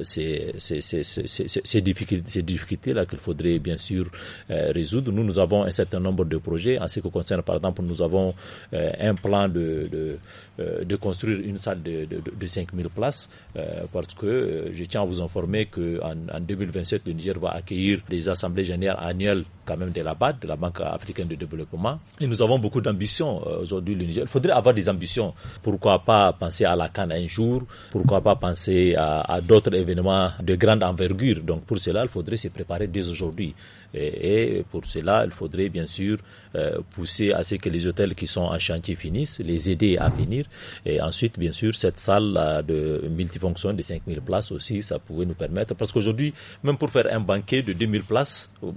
ces, ces, ces, ces difficultés, difficultés, là qu'il faudrait bien sûr résoudre. Nous, nous avons un certain nombre de projets. En ce qui concerne, par exemple, nous avons un plan de de, euh, de construire une salle de, de, de 5000 places euh, parce que euh, je tiens à vous informer qu'en en 2027, le Niger va accueillir les assemblées générales annuelles quand même de la BAD, de la Banque africaine de développement. Et nous avons beaucoup d'ambitions aujourd'hui, le Niger. Il faudrait avoir des ambitions. Pourquoi pas penser à la Cannes un jour Pourquoi pas penser à, à d'autres événements de grande envergure Donc pour cela, il faudrait se préparer dès aujourd'hui. Et, pour cela, il faudrait bien sûr euh, pousser à ce que les hôtels qui sont en chantier finissent, les aider à finir. Et ensuite, bien sûr, cette salle de multifonction de 5000 places aussi, ça pourrait nous permettre. Parce qu'aujourd'hui, même pour faire un banquet de 2000 places, au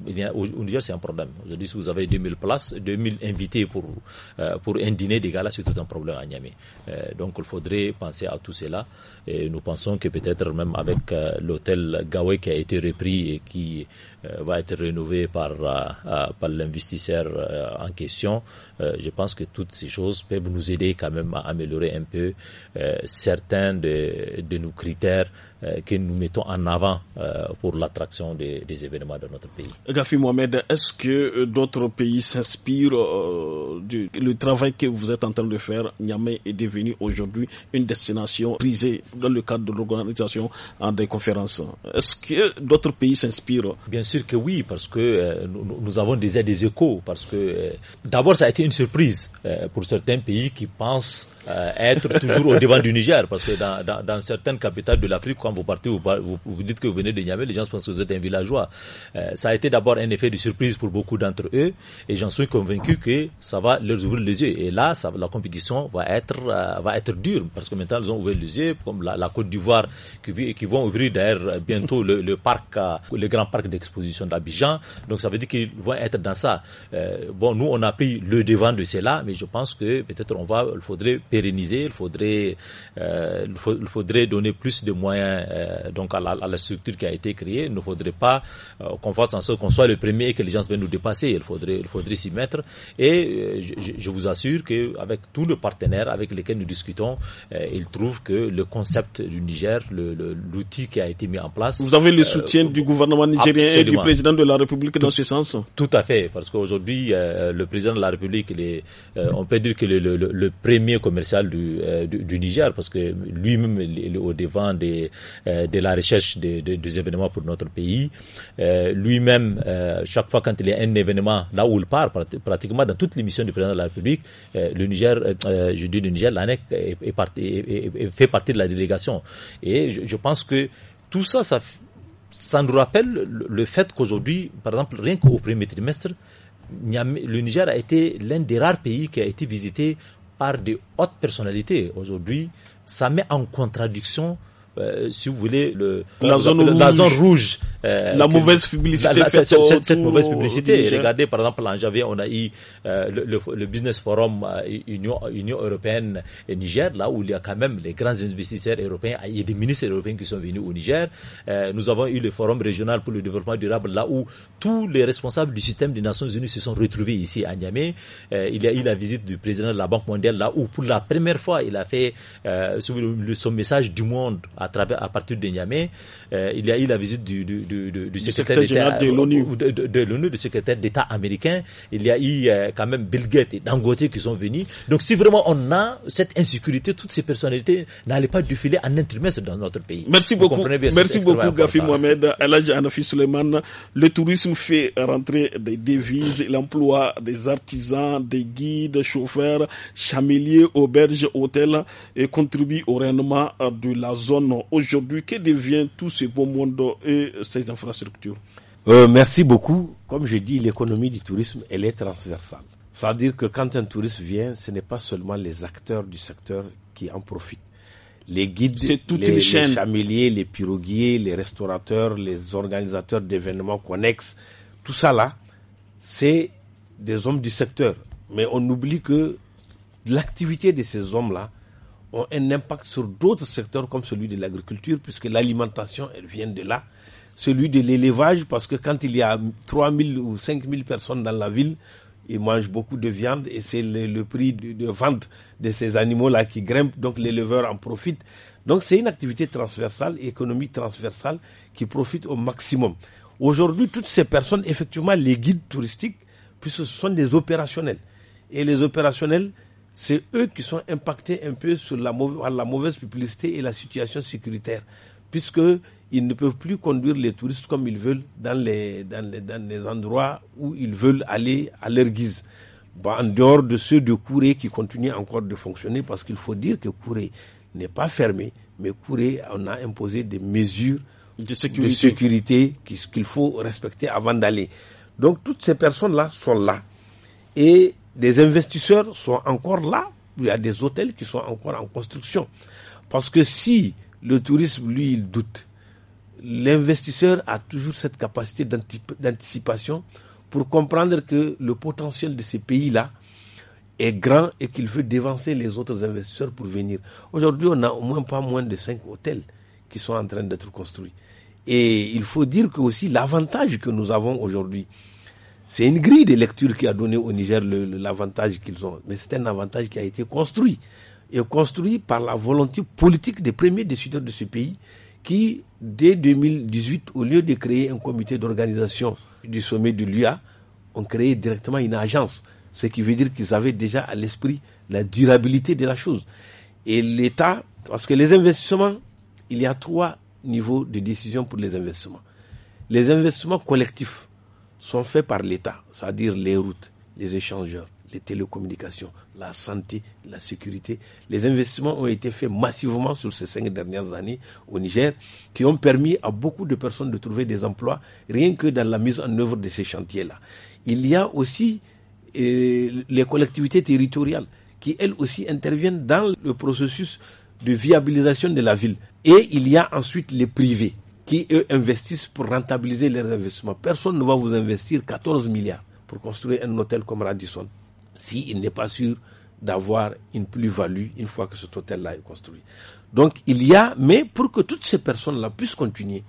c'est un problème. Aujourd'hui, si vous avez 2000 places, 2000 invités pour, euh, pour un dîner des là, c'est tout un problème à Niamey. Euh, donc, il faudrait penser à tout cela. Et nous pensons que peut-être même avec euh, l'hôtel Gawé qui a été repris et qui euh, va être rénové par, euh, l'investisseur en question, je pense que toutes ces choses peuvent nous aider quand même à améliorer un peu certains de nos critères euh, que nous mettons en avant euh, pour l'attraction des, des, événements de notre pays. Gafi Mohamed, est-ce que euh, d'autres pays s'inspirent du le travail que vous êtes en train de faire Niamey est devenu aujourd'hui une destination prisée dans le cadre de l'organisation des conférences. Est-ce que d'autres pays s'inspirent Bien sûr que oui, parce que nous, avons déjà des échos, parce que d'abord ça a été une surprise pour certains pays qui pensent être toujours au devant du Niger, parce que dans, dans, dans certaines capitales de l'Afrique, vous partez, vous, dites que vous venez de Niamey, les gens pensent que vous êtes un villageois. Euh, ça a été d'abord un effet de surprise pour beaucoup d'entre eux, et j'en suis convaincu que ça va leur ouvrir les yeux. Et là, ça, la compétition va être euh, va être dure, parce que maintenant, ils ont ouvert les yeux, comme la, Côte d'Ivoire, qui, qui vont ouvrir d'ailleurs bientôt le, parc, euh, le grand parc d'exposition d'Abidjan. Donc, ça veut dire qu'ils vont être dans ça. bon, nous, on a pris le devant de cela, mais je pense que peut-être on va, il faudrait pérenniser, il faudrait, il faudrait donner plus de moyens euh, donc à la, à la, structure qui a été créée. Il ne faudrait pas euh, qu'on fasse en sorte qu'on soit le premier et que les gens viennent nous dépasser. Il faudrait, il faudrait s'y mettre. Et euh, je, je, vous assure que avec tous les partenaires avec lesquels nous discutons, ils trouvent que le concept du Niger, l'outil qui a été mis en place. Vous avez le soutien du gouvernement nigérien et du président de la République dans ce sens Tout à fait, parce qu'aujourd'hui, le président de la République, il est, on peut dire que le, le, premier commercial du, du, du Niger, parce que lui-même, est au devant des, euh, de la recherche des événements pour notre pays. Euh, lui-même, euh, chaque fois qu'il y a un événement, là où il part, pratiquement dans toutes les missions du président de la République, le Niger, je dis le Niger, l'ANEC est, fait partie de la délégation. Et je, pense que tout ça, ça ça nous rappelle le fait qu'aujourd'hui, par exemple, rien qu'au premier trimestre, le Niger a été l'un des rares pays qui a été visité par de hautes personnalités. Aujourd'hui, ça met en contradiction euh, si vous voulez, le, la, zone la, zone rouge euh, la mauvaise publicité. cette, mauvaise publicité. Regardez, par exemple, en janvier, on a eu euh, le, Business Forum euh, Union, Union européenne et Niger, là où il y a quand même les grands investisseurs européens, il y a des ministres européens qui sont venus au Niger. nous avons eu le Forum régional pour le développement durable, là où tous les responsables du système des Nations Unies se sont retrouvés ici à Niamey. il y a eu la visite du président de la Banque mondiale, là où pour la première fois, il a fait son message du monde à, travers, à partir de Niamey. il y a eu la visite du du secrétaire, de l'ONU, de, de, du secrétaire d'État américain. Il y a eu euh, quand même Bill Gates et Dangote qui sont venus. Donc si vraiment on a cette insécurité, toutes ces personnalités n'allaient pas défiler en un dans notre pays. Merci beaucoup. Merci beaucoup Gafi Mohamed, Alaj Anafi Le tourisme fait rentrer des devises, l'emploi des artisans, des guides, chauffeurs, chameliers, auberges, hôtels et contribue au rayonnement de la zone. Aujourd'hui, que devient tout ce beau monde et ces d'infrastructures. Euh, merci beaucoup. Comme je dis, l'économie du tourisme, elle est transversale. C'est-à-dire que quand un touriste vient, ce n'est pas seulement les acteurs du secteur qui en profitent. Les guides, les, les, chameliers, les piroguiers, les restaurateurs, les organisateurs d'événements connexes, tout ça là, c'est des hommes du secteur. Mais on oublie que l'activité de ces hommes-là ont un impact sur d'autres secteurs comme celui de l'agriculture, puisque l'alimentation, elle vient de là celui de l'élevage, parce que quand il y a 3000 ou 5000 personnes dans la ville, ils mangent beaucoup de viande et c'est le, prix de, vente de ces animaux-là qui grimpe, donc l'éleveur en profite. Donc c'est une activité transversale, économie transversale, qui profite au maximum. Aujourd'hui, toutes ces personnes, effectivement, les guides touristiques, puisque ce sont des opérationnels. Et les opérationnels, c'est eux qui sont impactés un peu sur par la mauvaise publicité et la situation sécuritaire, puisque ils ne peuvent plus conduire les touristes comme ils veulent dans les, les, endroits où ils veulent aller à leur guise. en dehors de ceux de Couré qui continuent encore de fonctionner, parce qu'il faut dire que Couré n'est pas fermé, mais Couré, on a imposé des mesures de sécurité, sécurité qu'il faut respecter avant d'aller. Donc toutes ces personnes-là sont là. Et des investisseurs sont encore là. Il y a des hôtels qui sont encore en construction. Parce que si le tourisme, lui, il doute, l'investisseur a toujours cette capacité d'anticipation pour comprendre que le potentiel de ces pays-là est grand et qu'il veut dévancer les autres investisseurs pour venir. Aujourd'hui, on a au moins pas moins de cinq hôtels qui sont en train d'être construits. Et il faut dire que aussi l'avantage que nous avons aujourd'hui, c'est une grille de lecture qui a donné au Niger l'avantage qu'ils ont, mais c'est un avantage qui a été construit et construit par la volonté politique des premiers décideurs de ce pays qui, dès 2018, au lieu de créer un comité d'organisation du sommet de l'UA, ont créé directement une agence. Ce qui veut dire qu'ils avaient déjà à l'esprit la durabilité de la chose. Et l'État, parce que les investissements, il y a trois niveaux de décision pour les investissements. Les investissements collectifs sont faits par l'État, c'est-à-dire les routes, les échangeurs, les télécommunications, la santé, la sécurité. Les investissements ont été faits massivement sur ces cinq dernières années au Niger, qui ont permis à beaucoup de personnes de trouver des emplois, rien que dans la mise en œuvre de ces chantiers-là. Il y a aussi euh, les collectivités territoriales, qui elles aussi interviennent dans le processus de viabilisation de la ville. Et il y a ensuite les privés qui, eux, investissent pour rentabiliser leurs investissements. Personne ne va vous investir 14 milliards pour construire un hôtel comme Radisson s'il n'est pas sûr d'avoir une plus-value une fois que cet hôtel-là est construit. Donc il y a, mais pour que toutes ces personnes-là puissent continuer,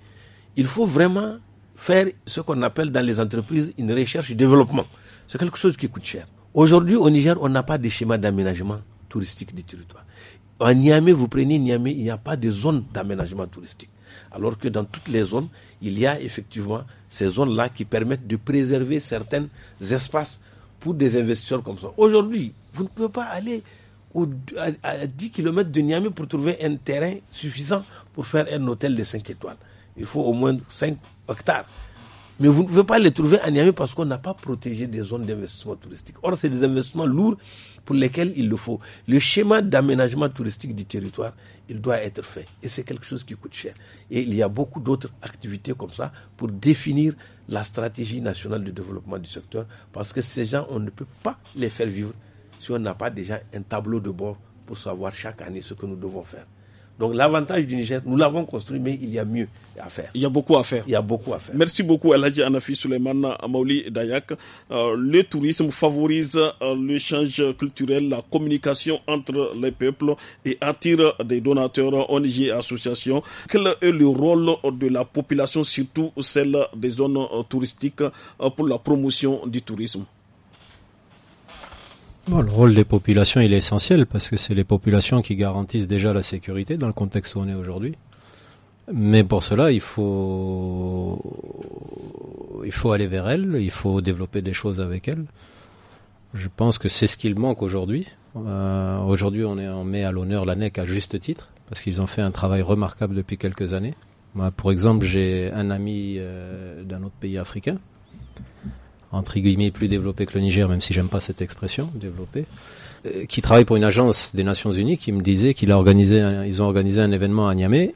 il faut vraiment faire ce qu'on appelle dans les entreprises une recherche et développement. C'est quelque chose qui coûte cher. Aujourd'hui, au Niger, on n'a pas de schéma d'aménagement touristique du territoire. En Niamey, vous prenez Niamey, il n'y a pas de zone d'aménagement touristique. Alors que dans toutes les zones, il y a effectivement ces zones-là qui permettent de préserver certains espaces pour des investisseurs comme ça. Aujourd'hui, vous ne pouvez pas aller au, à, à, 10 km de Niamey pour trouver un terrain suffisant pour faire un hôtel de 5 étoiles. Il faut au moins 5 hectares. Mais vous ne pouvez pas les trouver à Niamey parce qu'on n'a pas protégé des zones d'investissement touristique. Or, c'est des investissements lourds pour lesquels il le faut. Le schéma d'aménagement touristique du territoire, il doit être fait. Et c'est quelque chose qui coûte cher. Et il y a beaucoup d'autres activités comme ça pour définir la stratégie nationale de développement du secteur parce que ces gens, on ne peut pas les faire vivre si on n'a pas déjà un tableau de bord pour savoir chaque année ce que nous devons faire. Donc l'avantage du Niger, nous l'avons construit, mais il y a mieux à faire. Il y a beaucoup à faire. Il y a beaucoup à faire. Merci beaucoup Aladji Anafi Suleiman Amaouli euh, Dayak. Euh, le tourisme favorise euh, l'échange culturel, la communication entre les peuples et attire des donateurs, ONG et associations. Quel est le rôle de la population, surtout celle des zones touristiques, pour la promotion du tourisme le rôle des populations, il est essentiel parce que c'est les populations qui garantissent déjà la sécurité dans le contexte où on est aujourd'hui. Mais pour cela, il faut, il faut aller vers elles, il faut développer des choses avec elles. Je pense que c'est ce qu'il manque aujourd'hui. Euh, aujourd'hui, on, met à l'honneur l'ANEC à juste titre parce qu'ils ont fait un travail remarquable depuis quelques années. Moi, pour exemple, j'ai un ami euh, d'un autre pays africain entre guillemets plus développé que le Niger, même si j'aime pas cette expression, développé, euh, qui travaille pour une agence des Nations Unies, qui me disait qu'il a organisé, ils ont organisé un événement à Niamey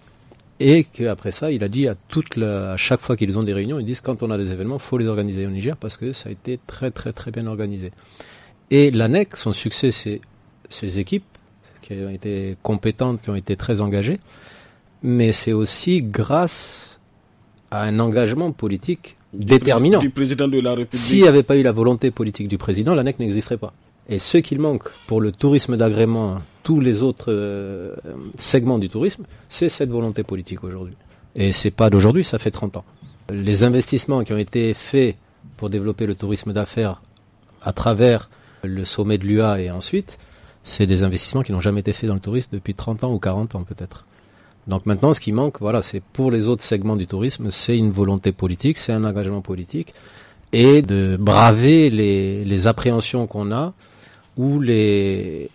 et qu'après ça, il a dit à toute la, à chaque fois qu'ils ont des réunions, ils disent quand on a des événements, faut les organiser au Niger parce que ça a été très très très bien organisé. Et l'ANEC, son succès, c'est ses équipes qui ont été compétentes, qui ont été très engagées, mais c'est aussi grâce à un engagement politique déterminant. Du S'il n'y avait pas eu la volonté politique du président, l'ANEC n'existerait pas. Et ce qu'il manque pour le tourisme d'agrément, tous les autres euh, segments du tourisme, c'est cette volonté politique aujourd'hui. Et c'est pas d'aujourd'hui, ça fait 30 ans. Les investissements qui ont été faits pour développer le tourisme d'affaires à travers le sommet de l'UA et ensuite, c'est des investissements qui n'ont jamais été faits dans le tourisme depuis 30 ans ou 40 ans peut-être. Donc maintenant, ce qui manque, voilà, c'est pour les autres segments du tourisme, c'est une volonté politique, c'est un engagement politique et de braver les, appréhensions qu'on a ou les,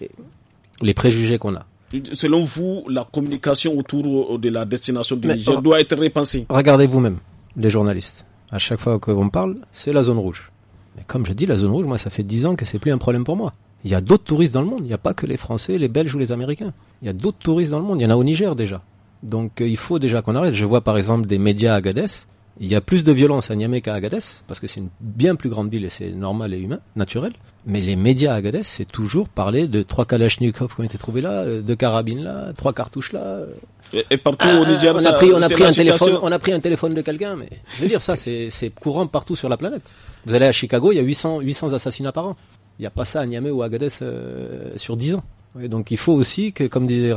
préjugés qu'on a. Selon vous, la communication autour de la destination du Niger doit être repensée Regardez vous-même, les journalistes. À chaque fois qu'on parle, c'est la zone rouge. Mais comme je dis, la zone rouge, moi, ça fait dix ans que c'est plus un problème pour moi. Il y a d'autres touristes dans le monde. Il n'y a pas que les Français, les Belges ou les Américains. Il y a d'autres touristes dans le monde. Il y en a au Niger déjà. Donc euh, il faut déjà qu'on arrête. Je vois par exemple des médias à Agadez. Il y a plus de violence à Niamey qu'à Agadez, parce que c'est une bien plus grande ville et c'est normal et humain, naturel. Mais les médias à Agadez, c'est toujours parler de trois kalachnikovs qui ont été trouvés là, euh, deux carabines là, trois cartouches là. Et, partout ah, on a pris, on a pris un téléphone, on a pris un téléphone de quelqu'un, mais je veux dire ça, c'est courant partout sur la planète. Vous allez à Chicago, il y a 800, 800 assassinats par an. Il n'y a pas ça à Niamey ou à Agadez euh, sur 10 ans donc il faut aussi que, comme disait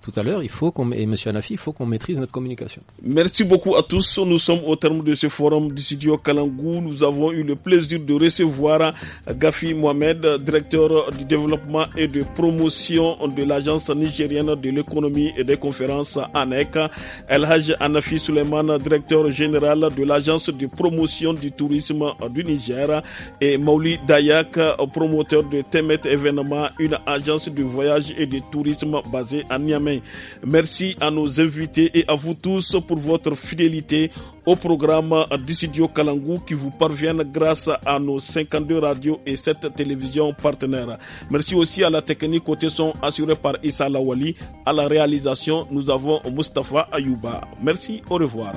tout à l'heure, il faut qu'on et Monsieur Anafi, il faut qu'on maîtrise notre communication. Merci beaucoup à tous. Nous sommes au terme de ce forum du studio Kalangou. Nous avons eu le plaisir de recevoir Gafi Mohamed, directeur du développement et de promotion de l'agence nigérienne de l'économie et des conférences ANEC, El Anafi Suleiman, directeur général de l'agence de promotion du tourisme du Niger, et Mauli Dayak, promoteur de Temet événement, une agence de voyage et de tourisme basé à Niamey. Merci à nos invités et à vous tous pour votre fidélité au programme Dissidio Kalangou qui vous parviennent grâce à nos 52 radios et 7 télévisions partenaires. Merci aussi à la technique côté son assurée par Issa Lawali. À la réalisation, nous avons Mustafa Ayouba. Merci, au revoir.